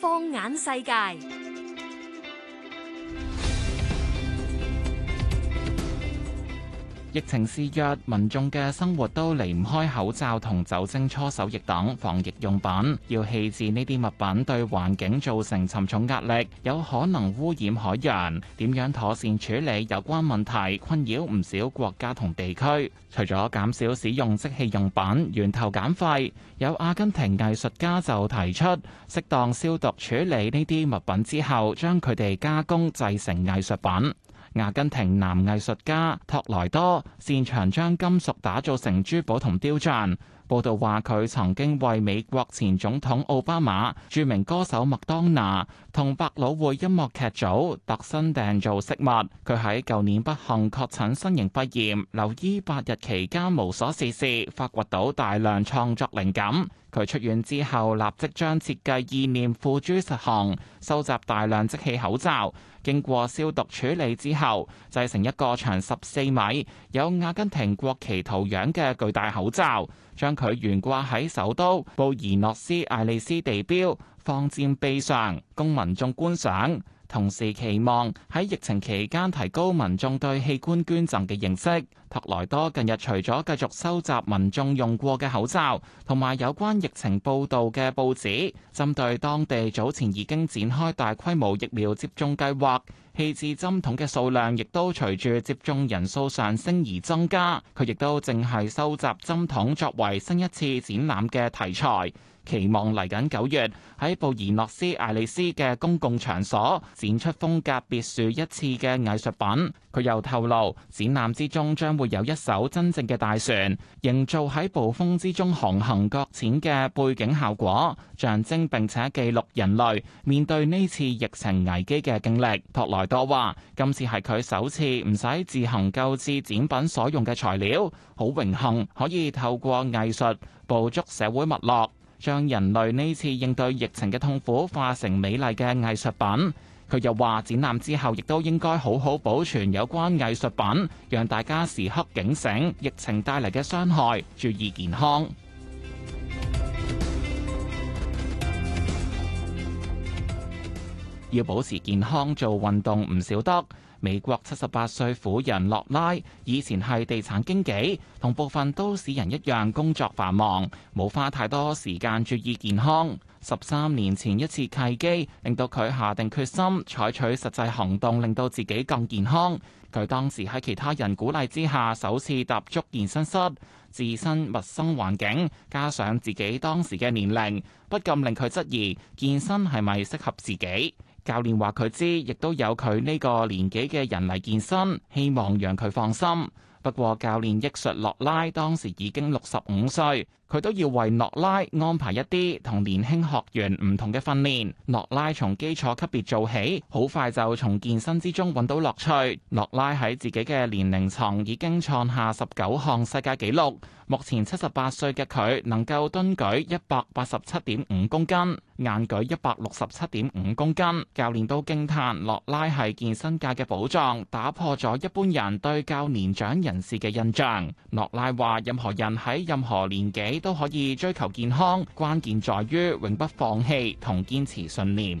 放眼世界。疫情肆虐，民眾嘅生活都離唔開口罩同酒精搓手液等防疫用品。要棄置呢啲物品，對環境造成沉重壓力，有可能污染海洋。點樣妥善處理有關問題，困擾唔少國家同地區。除咗減少使用即棄用品，源頭減廢，有阿根廷藝術家就提出，適當消毒處理呢啲物品之後，將佢哋加工製成藝術品。阿根廷男藝術家托萊多擅長將金屬打造成珠寶同雕像。報道話佢曾經為美國前總統奧巴馬、著名歌手麥當娜同百老匯音樂劇組特新訂造飾物。佢喺舊年不幸確診新型肺炎，留醫八日期間無所事事，發掘到大量創作靈感。佢出院之後立即將設計意念付諸實行，收集大量即棄口罩，經過消毒處理之後，製成一個長十四米、有阿根廷國旗圖樣嘅巨大口罩，將佢懸掛喺首都布宜諾斯艾利斯地標方尖碑上，供民眾觀賞，同時期望喺疫情期間提高民眾對器官捐贈嘅認識。托萊多近日除咗繼續收集民眾用過嘅口罩同埋有關疫情報道嘅報紙，針對當地早前已經展開大規模疫苗接種計劃。棄置針筒嘅數量亦都隨住接種人數上升而增加，佢亦都淨係收集針筒作為新一次展覽嘅題材，期望嚟緊九月喺布宜諾斯艾利斯嘅公共場所展出風格別樹一幟嘅藝術品。佢又透露，展覽之中將會有一艘真正嘅大船，營造喺暴風之中航行擱淺嘅背景效果，象徵並且記錄人類面對呢次疫情危機嘅經歷。托來多話今次係佢首次唔使自行購置展品所用嘅材料，好榮幸可以透過藝術捕捉社會脈絡，將人類呢次應對疫情嘅痛苦化成美麗嘅藝術品。佢又話展覽之後亦都應該好好保存有關藝術品，讓大家時刻警醒疫情帶嚟嘅傷害，注意健康。要保持健康做運動唔少得。美國七十八歲婦人洛拉以前係地產經紀，同部分都市人一樣工作繁忙，冇花太多時間注意健康。十三年前一次契機令到佢下定決心採取實際行動，令到自己更健康。佢當時喺其他人鼓勵之下，首次踏足健身室。自身陌生環境，加上自己當時嘅年齡，不禁令佢質疑健身係咪適合自己。教練話佢知，亦都有佢呢個年紀嘅人嚟健身，希望讓佢放心。不過，教練益述諾拉當時已經六十五歲，佢都要為諾拉安排一啲同年輕學員唔同嘅訓練。諾拉從基礎級別做起，好快就從健身之中揾到樂趣。諾拉喺自己嘅年齡層已經創下十九項世界紀錄，目前七十八歲嘅佢能夠蹲舉一百八十七點五公斤，硬舉一百六十七點五公斤，教練都驚嘆，諾拉係健身界嘅寶藏，打破咗一般人對較年長人士嘅印象。諾拉話，任何人喺任何年紀都可以追求健康，關鍵在於永不放棄同堅持信念。